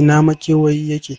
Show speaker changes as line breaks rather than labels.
Ina makewayi yake